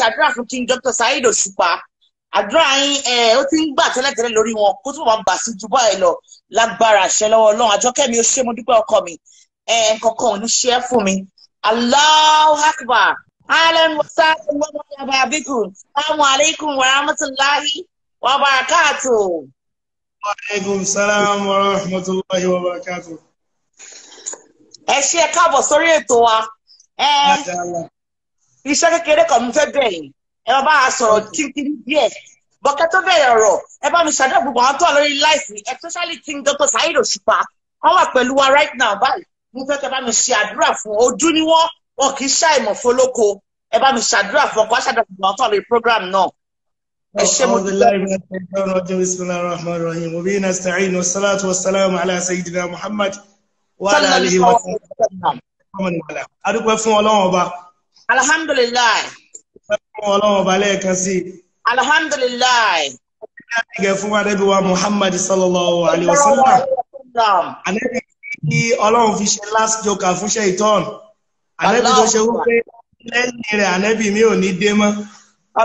ṣàdúrà fún King Dr. Saheed Òṣùpá àdúrà yín ẹ ó ti ń gbà tẹ́lẹ̀tẹ́lẹ̀ lórí wọn kó túbọ̀ máa bà sí ju lọ lágbára àṣẹ lọ́wọ́ Ọlọ́run àjọkẹ́mi ó ṣe mo dúpẹ́ ọkọ mi ẹ kankan ò ní ṣe é fún mi Akbar alan wasaalan wa mọ̀lábà bíkùn salamu alaykum wa rahmatulahi wa barakatu. wa aleykum salaam wa wa ẹ ṣe sórí ètò wa. iṣẹ́ kékeré kan mo fẹ́ bẹ̀yìn ẹ bá a sọ̀rọ̀ títí díẹ̀ bọ̀kẹ́ tó bẹ̀rẹ̀ ọ̀rọ̀ ẹ bá mi ṣàdá gbogbo tó lórí láìsí especially king dr saheed òṣùpá wọn wà pẹ̀lú wa right now báyìí mo fẹ́ kẹ́ bá mi ṣe àdúrà fún ojú ni wọ́n wọn kì í ṣàìmọ̀ fọlọ́kọ ẹ bá mi ṣàdúrà fún ọkọ̀ ṣàdúrà fún tó lórí program náà. الشم بسم الله الرحمن الرحيم وبه نستعين والصلاة والسلام على سيدنا محمد وعلى آله وصحبه ومن والاه. A dúpẹ́ fún Ọlọ́run Ọba alhamdulilayi. fún ọlọ́run ọba lẹ́ẹ̀kan sí i. alhamdulilayi. ìgẹ̀ fún adébí wa muhammad sallallahu alayhi wa sallam. àlẹ́bí kí ọlọ́run fi ṣe last joker fún ṣe ìtọ́n. àlẹ́bí tó ṣe wípé lẹ́yìn rẹ̀ àlẹ́bí mi ò ní dé mọ́.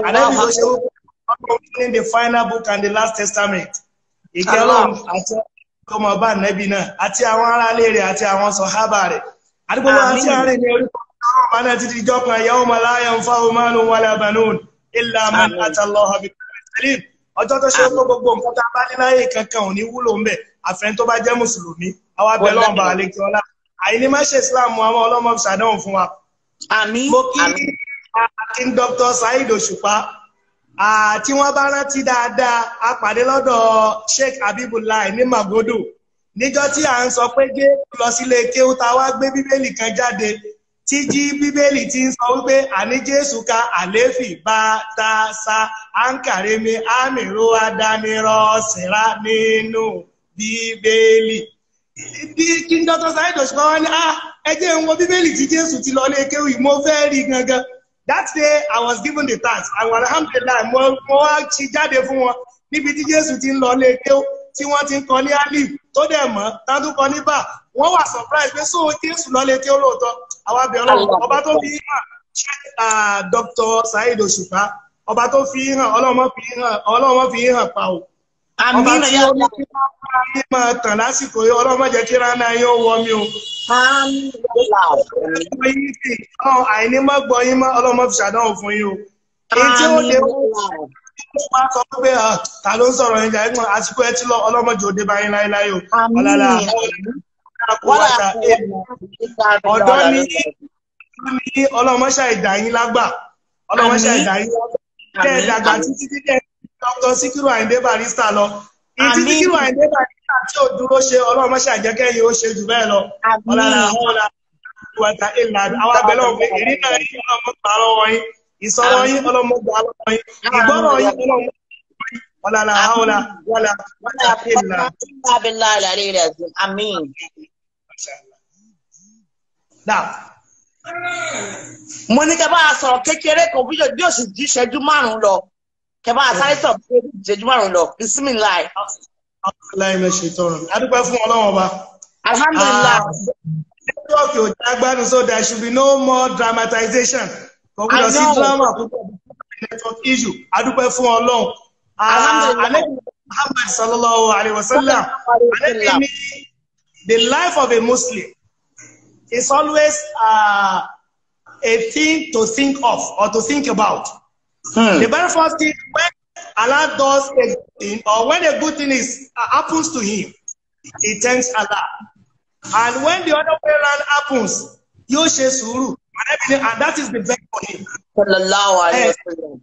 àlẹ́bí tó ṣe wípé ọlọ́run ní the final book and the last testament. ìgẹ̀ ọlọ́run àti ọmọ ọba àlẹ́bí náà àti àwọn aráalé rẹ̀ àti àwọn sọ̀hábà rẹ̀. àdúgbò wa àti àárẹ̀ ní orúkọ mana títí ìjọ kan yawma la yanfa'u malun wala banun illa man ata Allaha bi qalbin salim ọjọ́ tó ṣe pé gbogbo nǹkan tá a bá ní láyé kankan ò ní wúlò ńbẹ̀ àfẹn tó bá jẹ́ mùsùlùmí àwa bẹ̀ lọ́wọ́ bá àlejò ọlá àìní má ṣe islam àwọn ọlọ́mọ ṣàdánwò fún wa. àmín mo kí akin dr saheed òṣùpá tí wọ́n bá rántí dáadáa a pàdé sheikh habibullah ní magodo níjọ́ tí à ń sọ pé gé lọ sílé kéwú tá a wá gbé bíbélì kan jáde tí jí bíbélì ti ń sọ wípé àní jésù ka àléfì bá ta sa áńkàrẹ́mi àmìró adánirọ́ọ̀sìnra nínú bíbélì. bí kí n dọ́tọ̀ sáré dọ̀sùn kan wá ní ah, ẹ jẹ́ bíbélì tí jésù ti lọ lé kéwì mo fẹ́ rí gangan that day i was given the task àwọn alhamdulilayi mo mo wá ti jáde fún wọn níbi tí jésù ti ń lọ lé kéwì tí wọ́n ti ń kọ ní alif tó dẹ̀ mọ́ tán tún kọ ní bá wọ́n wà surprise pé sóò jésù lọ lé kéwì lóòótọ́ àwọn abẹ ọlọ́run ọba tó fi hàn Dr. Saheed Òṣùpá ọba tó fi hàn ọlọ́mọ fi hàn ọlọ́mọ fi hàn pa o ọba tí ó ní kí wọ́n bá yín máa tàn lásìkò yìí ọlọ́mọ jẹ́ kí rana yóò wọ mi o. àìní má gbọ́ yín mọ́ ọlọ́mọ fi ṣàdánwò fún yín o. èyí tí ó lè wọ́n wá sọ pé ah, ta ló ń sọ̀rọ̀ yín jà ẹ̀gbọ́n àsìkò ẹ ti lọ ọlọ́mọdé òde báyìí láéláé o. ọ̀làlà ọ̀dọ́ ni ní ọlọ́mọṣà ìdá yín lágbà ọlọ́mọṣà ìdá yín lágbà tẹ́ dàgbà títí títẹ́ Dr. Sikiru Ayinde Barista lọ ìtí Sikiru Ayinde Barista tí ò dúró ṣe ọlọ́mọṣà ìjẹ́kẹ́ yìí ó ṣe jù bẹ́ẹ̀ lọ ọ̀là ìwàta àwọn náà ọlọ́mọ gbà lọ́wọ́ yín ìsọ̀rọ̀ yín ọlọ́mọ gbà lọ́wọ́ yín ìgbọ́rọ̀ yín ọlọ́mọ insha Now, mo ní kẹ́ bá a sọ̀rọ̀ kékeré kan bí oṣù jí ìṣẹ́jú márùn-ún lọ. Kẹ́ bá a sáré sọ̀rọ̀ bí oṣù ìṣẹ́jú márùn-ún lọ. Bismillah. Alhamdulilayi mẹ ṣe tọrọ. A dúpẹ́ fún Ọlọ́run ọba. Alhamdulilayi. Ah, Nẹ́tíwọ́ọ̀kì ò já gbádùn so there should be no more dramatization. Kò gbọ́dọ̀ sí drama network issue. A dúpẹ́ fún Ọlọ́run. Ah, Alhamdulilayi. Alẹ́ Muhammad sallallahu alayhi wa sallam. Alẹ́ mi ní. The life of a Muslim is always uh, a thing to think of or to think about. Hmm. The very first thing when Allah does a good thing or when a good thing is uh, happens to him, he thanks Allah. And when the other way around happens, you share suru, and that is the best for him. And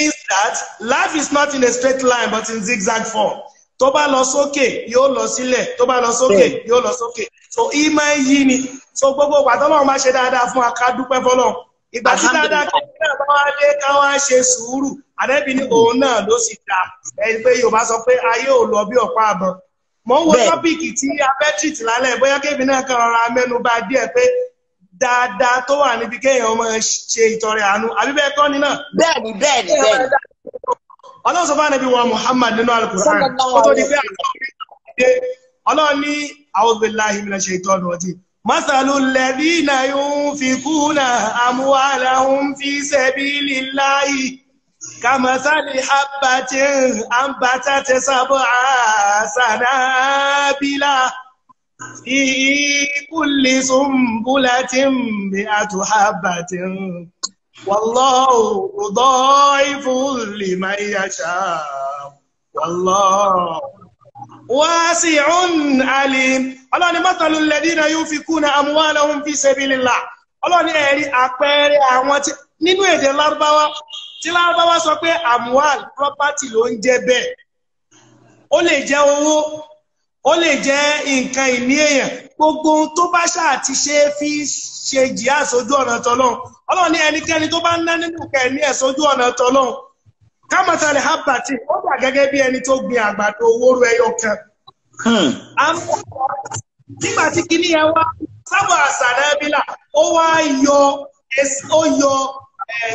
is that life is not in a straight line but in zigzag form. tó bá lọ sókè yóò lọ sílẹ̀ tó bá lọ sókè yóò lọ sókè so ìmọ̀ èyí ni so gbogbo pàtọ́lọ́run máa ṣe dáadáa fún wa ká dúpẹ́ fọ́lọ́run ìgbà tí dáadáa kẹ́kẹ́ bá wá lé ká wá ṣe sùúrù àdẹ́bí ni òun náà ló sì dá ẹni pé Yorùbá sọ pé ayé ò lọ bí ọ̀pá àbọ̀n mo ń wo tọ́pìkì tí abẹ́trit lálẹ́ bóyá kébì náà kan rọra mẹ́nu bà díẹ̀ pé dáadáa tó wà níbi kéèyàn ọmọ ṣe ìtọrẹ àánú àbí bẹ́ẹ̀ kọ́ ni náà. bẹ́ẹ̀ni bẹ́ẹ̀ni bẹ́ẹ̀ni ọlọ́run sọ fún ànábì wa Muhammad nínú alukur'an kó tó di pé àwọn ọmọdé ọlọ́run ní a'udhu billahi minash shaitani rajim masalu alladhina yunfikuna amwalahum fi sabilillahi kamasali habbatin ambatat sab'a sanabila fi kulli sunbulatin mi'atu habbatin. والله يضاعف لمن يشاء والله واسع عليم ọlọ́ni mọ́tàlú lẹ́dínà yóò fi kú na àmúwálà òun fi ṣe bíi ńlá ọlọ́ni ẹ̀rí àpẹẹrẹ àwọn tí nínú èdè lárúbáwá tí lárúbáwá sọ pé àmúwál property ló ń jẹ́ bẹ́ẹ̀ ó lè jẹ́ owó ó lè jẹ́ nǹkan ìní èèyàn gbogbo tó bá ṣáà ti ṣe fi ṣe jìyà sójú ọ̀nà tọ́lọ́hún ọlọ́run ní ẹnikẹ́ni tó bá ń ná nínú kẹ̀ẹ́ni ẹ̀ sójú ọ̀nà tọ́lọ́hún kámọ́tàlẹ̀ habati ó gẹ́gẹ́ bí ẹni tó gbin àgbàdo ẹyọ kan. Hmm. nígbà tí kinní yẹn wá sábà àṣàrà ó wá yọ ó yọ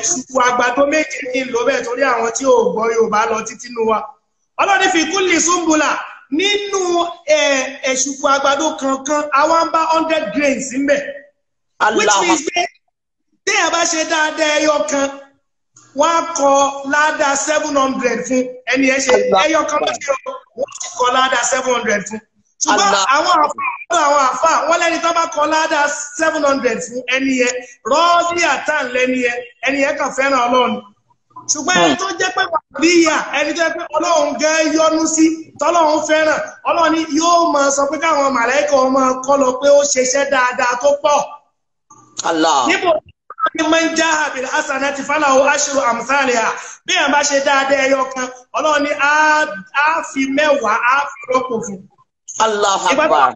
ṣùkú àgbàdo méje ní torí àwọn tí ò gbọ́ Yorùbá lọ títí nu wa ọlọ́run fi nínú ẹ̀ṣùpọ̀ àgbàdo kankan àwa bá hundred grains ńbẹ̀ which means pé téèyàn bá ṣe dáadáa ẹyọkan wọ́n á kọ ládàá seven hundred fún ẹni ẹ ṣe ẹyọ bá ṣe kọ ládàá seven hundred fún ṣùgbọ́n àwọn àfáà àwọn àfáà wọ́n lẹ́ni tó bá kọ ládàá seven hundred fún ṣùgbọ́n ẹni tó jẹ́ pé wàbíyà ẹni tó jẹ́ pé ọlọ́run gan yọ́nú sí tọ́lọ́run fẹ́ràn ọlọ́run ni yóò máa sọ pé káwọn màlẹ́kọ̀ ọmọ kọ́ lọ pé ó ṣeṣẹ́ dáadáa tó pọ̀. níbo ni máa ń já àbìlẹ̀ asànà ti fáláwo aṣọ àmúsàlẹ̀ à bí ẹ̀ bá ṣe dáadáa ẹyọ kan ọlọ́run ni á fi mẹ́wàá á rọ́pò fún un. Allahu Akbar.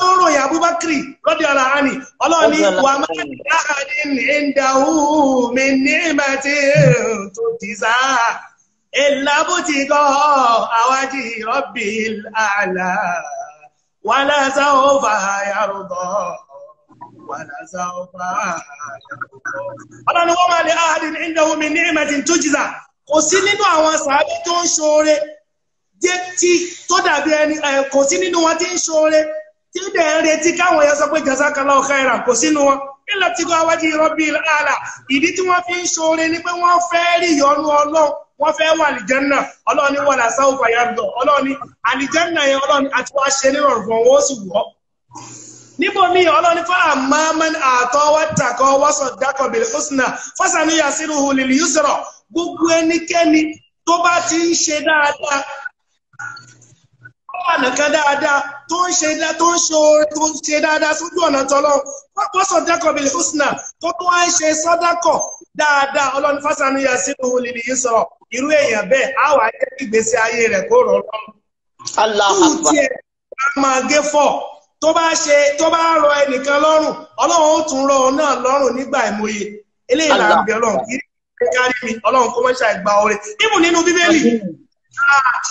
Ó ròyìn Abubakri lọ́dí ara àní, ọlọ́run ní wà máa ní láàrin ìdáhù mi ní ìmọ̀tí tó ti sá. Ìlàbù ti kọ́ àwájì rọ́bì àlà. Wà lásà ó fà yàrùbọ̀. Wà lásà ó fà yàrùbọ̀. Ọlọ́run wọ́n máa ní láàrin ìdáhù mi ní ìmọ̀tí tó ti sá. Kò sí nínú àwọn sàábé tó ń ṣoore jẹ́ tí tó dàbí ẹni kò sí nínú wọn tí ń ṣoore tí ó dẹ̀ ń retí káwọn yẹn sọ pé jazakallahu khairan kò sínú wọn ilẹ̀ tí wọ́n wájú rabbil ala ìdí tí wọ́n fi ń ṣoore ni pé wọ́n fẹ́ rí ìyọ́nú ọlọ́run wọ́n fẹ́ wà àlìjẹ́nà ọlọ́run ní wọ́n làṣà òfà yà lọ ọlọ́run ní yẹn ọlọ́run àti wọ́n ṣe nírọ̀rùn fún wọn ó sì wọ́. níbo mi ọlọ́run fún àmọ́mọ́n àtọ́ wọ́tàkọ́ wọ́sọ̀ dákọ̀bìl husna fọ́sàmì yasiruhu lil yusra gbogbo ẹnikẹ́ni tó bá ti ń ṣe dáadáa ọ̀nà kan dáadáa tó ń ṣe tó ń ṣe oore tó ń ṣe dáadáa sójú ọ̀nà tọ́lọ́ pọ́sọ̀ dákọ̀ bíi húsnà tó tó wá ń ṣe sọ́dákọ̀ dáadáa ọlọ́run fásánù yà sínú olùlì yìí sọ̀rọ̀ irú èèyàn bẹ́ẹ̀ á wà á jẹ́ ìgbésí ayé rẹ̀ kó rọ̀ lọ́rùn. aláhàbà tiẹ̀ a máa gé fọ̀ tó bá ṣe tó bá rọ ẹnìkan lọ́rùn ọlọ́run ó tún rọ náà lọ́rùn nígbà ìmòye eléyìí là ń bẹ ọlọ́run kí ọlọ́run kó mọ́ ṣàìgbà oore ibù nínú bíbélì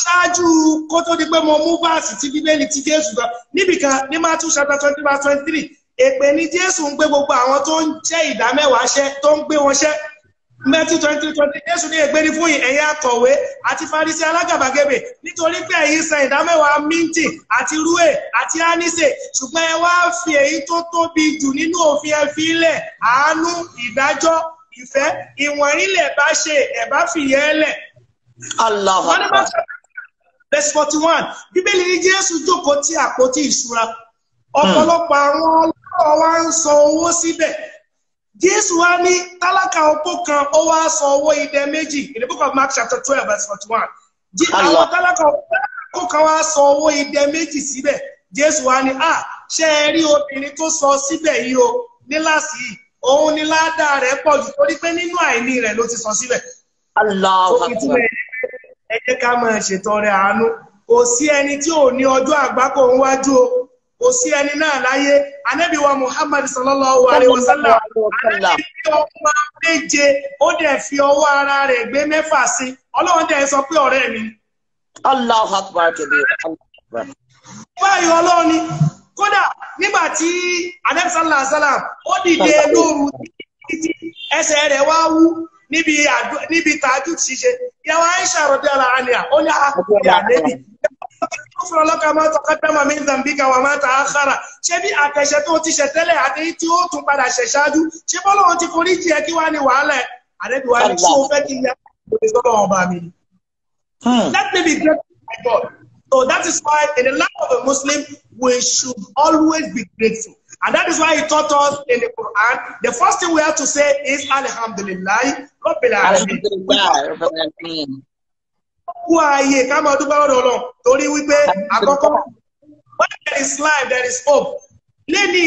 ṣáájú kó tó di pé mo mú báàsì tí bíbélì ti jésù gan níbìkan ní matthew chapter twenty verse twenty three èpè ni jésù ń gbé gbogbo àwọn tó ń jẹ́ ìdámẹ́wàá ṣẹ́ tó ń gbé wọn ṣẹ́ matthew twenty twenty jésù ní ègbé ní fún ẹ̀yin akọ̀wé àti farisi alágàbàgebè nítorí pé ẹ̀yin san ìdámẹ́wàá mintin àti rúè àti anise ṣùgbọ́n ẹ wá fi èyí tó tóbi jù nínú òfin ẹ fi lẹ̀ àánú ìdájọ́ ìfẹ́ ìwọ̀n ilẹ̀ bá ṣe ẹ̀ bá fìyẹ́ lẹ̀ Allah. Verse forty one. Bíbélì ni Jésù jókòó tí àpótí ìṣúra. Ọ̀pọ̀lọpọ̀ àwọn ọlọ́rọ̀ wa ń san owó síbẹ̀. Jésù wá ní tálákà opó kan, ó wá san owó idẹ méjì. In the book of Mark chapter twelve verse forty one. Àwọn tálákà opó kan wá san owó idẹ méjì síbẹ̀. Jésù wá ní à ah, ṣé ẹ rí obìnrin tó sọ síbẹ̀ yìí o níláàsì yìí. Òun ni ládàá rẹ̀ pọ̀ jù torí pé nínú àìní rẹ̀ ló ti sọ síbẹ̀. Allah. So ìtumọ̀ ẹ̀ ẹ jẹ́ ká máa ṣètọrẹ àánú kò sí ẹni tí ò ní ọjọ́ àgbákò ń wájú o kò sí ẹni náà láyé anábì muhammad sallallahu alayhi wa sallam anábì fi ọmọ méje ó dẹ̀ fi ọwọ́ ara rẹ̀ gbé mẹ́fà sí ọlọ́run dẹ̀ sọ pé ọ̀rẹ́ mi. Allahu akbar kabir báyìí ọlọ́run ni kódà nígbà tí anábì sallallahu alayhi ó dìde lóru títí ẹsẹ̀ rẹ̀ wá wú níbi àjọ níbi tààjú ṣíṣe Aisha rọdí ọlá àníyà ó ní ah, àdébì fún ọlọ́ka máa tọ́ kọ́tẹ́mọ̀ mi zambika wà máa ta àkàrà ṣé bí àtẹ̀ṣẹ̀ tó ti ṣẹ̀ tẹ́lẹ̀ àti tí ó tún padà ṣẹ̀ ṣáájú ṣé bọ́lá wọn ti forí jì kí wàá ní wàhálà àdébì wàá ní tí ó fẹ́ kí n yá ìwé sọ́dọ̀ ọba mi. Hmm. Let me be grateful my God. So that is why in the life of a Muslim we should always be grateful. And that is why he taught us in the Quran. The first thing we have to say is Alhamdulillah, Rabbil Alameen. Who are you? Come on, dúpẹ́ lọ́dọ̀ Ọlọ́run. Torí wípé àkọ́kọ́, when there is life, there is hope. Lẹ́ni